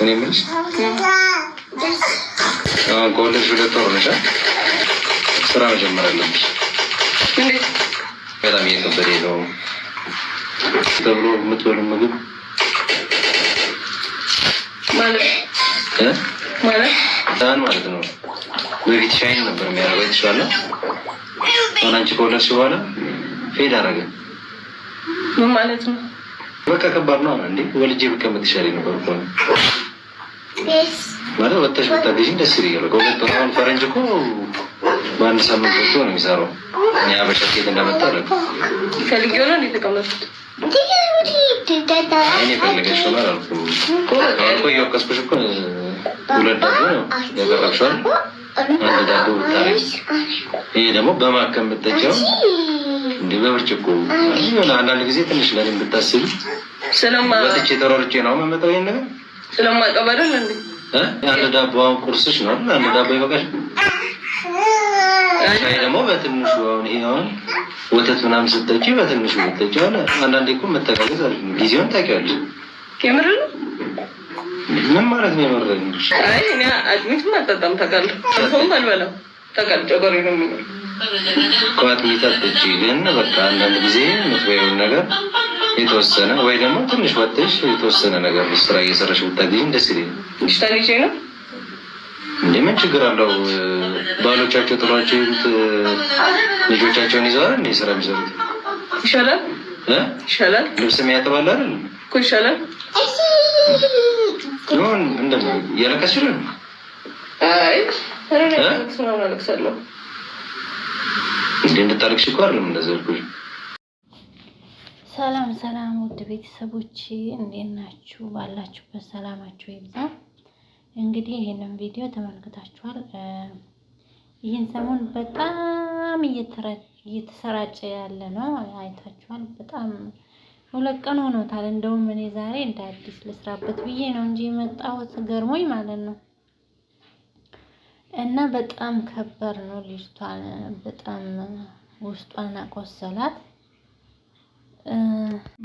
እኔ የምልሽ አሁን ከወለድሽ ሁለት ወር ስራ መጀመር አለብሽ። በጣም እየከበደ ነው ተብሎ የምትበሉ ምግብ ዛን ማለት ነው። በፊት ሻይን ነበር የሚያደርገው የተሻለ አሁን አንቺ ከወለድሽ በኋላ ፌድ አደረገ ማለት ነው በቃ ከባድ ነው እንዴ! ወልጄ ብቀመጥ ይሻለኝ ነበር እኮ ማለት ወተሽ ወጣ ደስ ይላል። ከሁለት አሁን ፈረንጅ እኮ በአንድ ሳምንት ወጥቶ ነው የሚሰራው። እኔ አበሻ ኬት እንደመጣ አለ ፈልጌ ሆነ የተቀመጡት እኔ ይሄ ደግሞ በማከም ብትጠጪው እንደ በብርጭቆ ይሆነ አንዳንድ ጊዜ ትንሽ ለኔ ብታስቢ ስለማለች ተሯርጬ ነው መመጣው ይሄን ነገር ስለማቀበደል እንዴ አንድ ዳቦ አሁን ቁርስሽ ነው። አንድ ዳቦ ይበቃሽ። ሻይ ደግሞ በትንሹ አሁን ይሄ አሁን ወተት ምናምን ስጠጪ በትንሹ ስጠጪ ሆነ። አንዳንዴ እኮ መተጋገዝ አለ። ጊዜውን ታውቂዋለሽ። ከምር ነው ምን ማለት ነው? የመረኝ አይ እኔ አድሚት አልጠጣም። ታውቃለህ፣ አልፎም አልበላም። ታውቃለህ ጨጓራዬ ነው የሚሆነው ቋት ይጠጥጪ ግን በቃ አንዳንድ ጊዜ ምትበይውን ነገር የተወሰነ ወይ ደግሞ ትንሽ ወጥሽ የተወሰነ ነገር ስራ እየሰራሽ ብታገኝ ደስ ይለኛል። ሽታሪቼ ነው እንዴ? ምን ችግር አለው? ባሎቻቸው ጥሏቸው ልጆቻቸውን ይዘዋል እንዴ? ስራ የሚሰሩት ይሻላል ይሻላል። ልብስ የሚያጥባል አይደል እኮ ይሻላል። እንደምን እያለቀስሽ ነው? አይ እኔ ነው ነው እንዴ እንድታርቅ ሽኳር ነው እንደዛ ሰላም ሰላም፣ ውድ ቤተሰቦች እንዴት ናችሁ? ባላችሁበት ሰላማችሁ ይብዛ። እንግዲህ ይህንን ቪዲዮ ተመልክታችኋል። ይህን ሰሞን በጣም እየተሰራጨ ያለ ነው፣ አይታችኋል። በጣም ሁለት ቀን ሆኖታል። እንደውም እኔ ዛሬ እንደ አዲስ ልስራበት ብዬ ነው እንጂ የመጣሁት ገርሞኝ ማለት ነው እና በጣም ከባድ ነው። ልጅቷን በጣም ውስጧን አቆሰላት።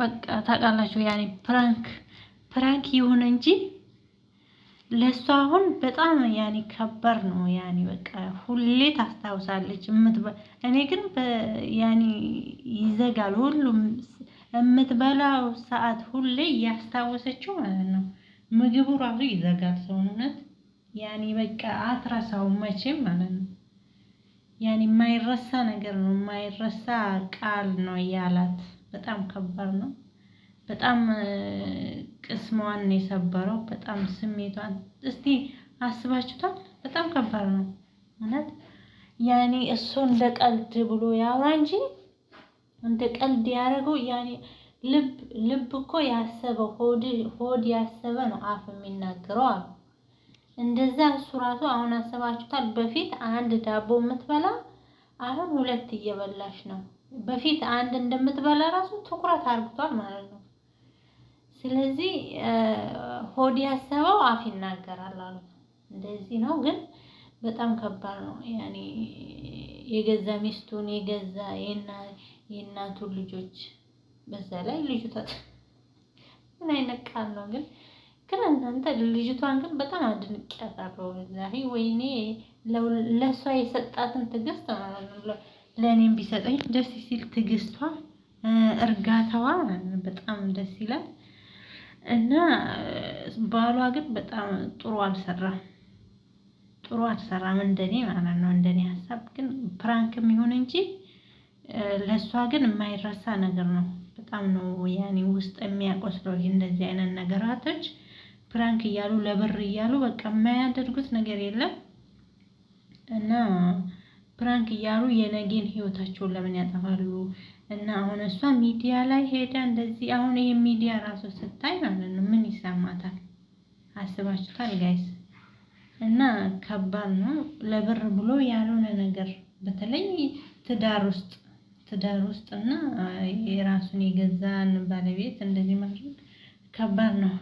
በቃ ታውቃላችሁ፣ ያኔ ፕራንክ ፕራንክ ይሁን እንጂ ለእሷ አሁን በጣም ያኔ ከባድ ነው። ያኔ በቃ ሁሌ ታስታውሳለች። እኔ ግን ያኔ ይዘጋል ሁሉም የምትበላው ሰዓት ሁሌ እያስታወሰችው ማለት ነው። ምግቡ ራሱ ይዘጋል ሰውነት ያኔ በቃ አትረሳው መቼም ማለት ነው። ያኔ የማይረሳ ነገር ነው፣ የማይረሳ ቃል ነው እያላት በጣም ከባድ ነው እውነት። ያኔ እሱ እንደ ቀልድ ብሎ ያውራ እንጂ እንደ ቀልድ ያደረገው ያኔ ልብ ልብ እኮ ያሰበ ሆድ ያሰበ ነው አፍ የሚናገረው አሉ እንደዛ እሱ ራሱ አሁን አስባችሁታል። በፊት አንድ ዳቦ የምትበላ አሁን ሁለት እየበላሽ ነው። በፊት አንድ እንደምትበላ ራሱ ትኩረት አርግቷል ማለት ነው። ስለዚህ ሆድ ያሰበው አፍ ይናገራል አሉ። እንደዚህ ነው፣ ግን በጣም ከባድ ነው። ያኔ የገዛ ሚስቱን የገዛ የእናቱን ልጆች በዛ ላይ ልጁ ምን አይነት ቃል ነው ግን ግን እናንተ ልጅቷን ግን በጣም አድንቄያታለሁ። ዛሬ ወይኔ ለእሷ የሰጣትን ትዕግስት ለእኔም ቢሰጠኝ ደስ ሲል ትዕግስቷ፣ እርጋታዋ በጣም ደስ ይላል። እና ባሏ ግን በጣም ጥሩ አልሰራም፣ ጥሩ አልሰራም እንደኔ ማለት ነው። እንደኔ ሀሳብ ግን ፕራንክም ይሁን እንጂ ለእሷ ግን የማይረሳ ነገር ነው። በጣም ነው ያኔ ውስጥ የሚያቆስለው እንደዚህ አይነት ነገራቶች ፕራንክ እያሉ ለብር እያሉ በቃ የማያደርጉት ነገር የለም እና ፕራንክ እያሉ የነገን ህይወታቸውን ለምን ያጠፋሉ? እና አሁን እሷ ሚዲያ ላይ ሄዳ እንደዚህ አሁን ይህ ሚዲያ ራሱ ስታይ ማለት ነው ምን ይሰማታል? አስባችሁታል ጋይስ? እና ከባድ ነው ለብር ብሎ ያልሆነ ነገር በተለይ ትዳር ውስጥ ትዳር ውስጥ እና የራሱን የገዛን ባለቤት እንደዚህ ማድረግ ከባድ ነው።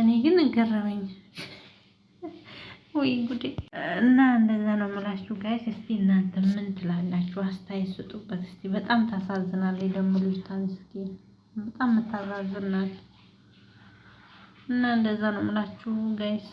እኔ ግን ገረመኝ። ወይ ጉዴ! እና እንደዛ ነው የምላችሁ ጋይስ። እስቲ እናንተ ምን ትላላችሁ? አስተያየት ስጡበት እስቲ። በጣም ታሳዝናለች ደግሞ ልጅቷ ምስኪን፣ በጣም የምታሳዝናል። እና እንደዛ ነው የምላችሁ ጋይስ።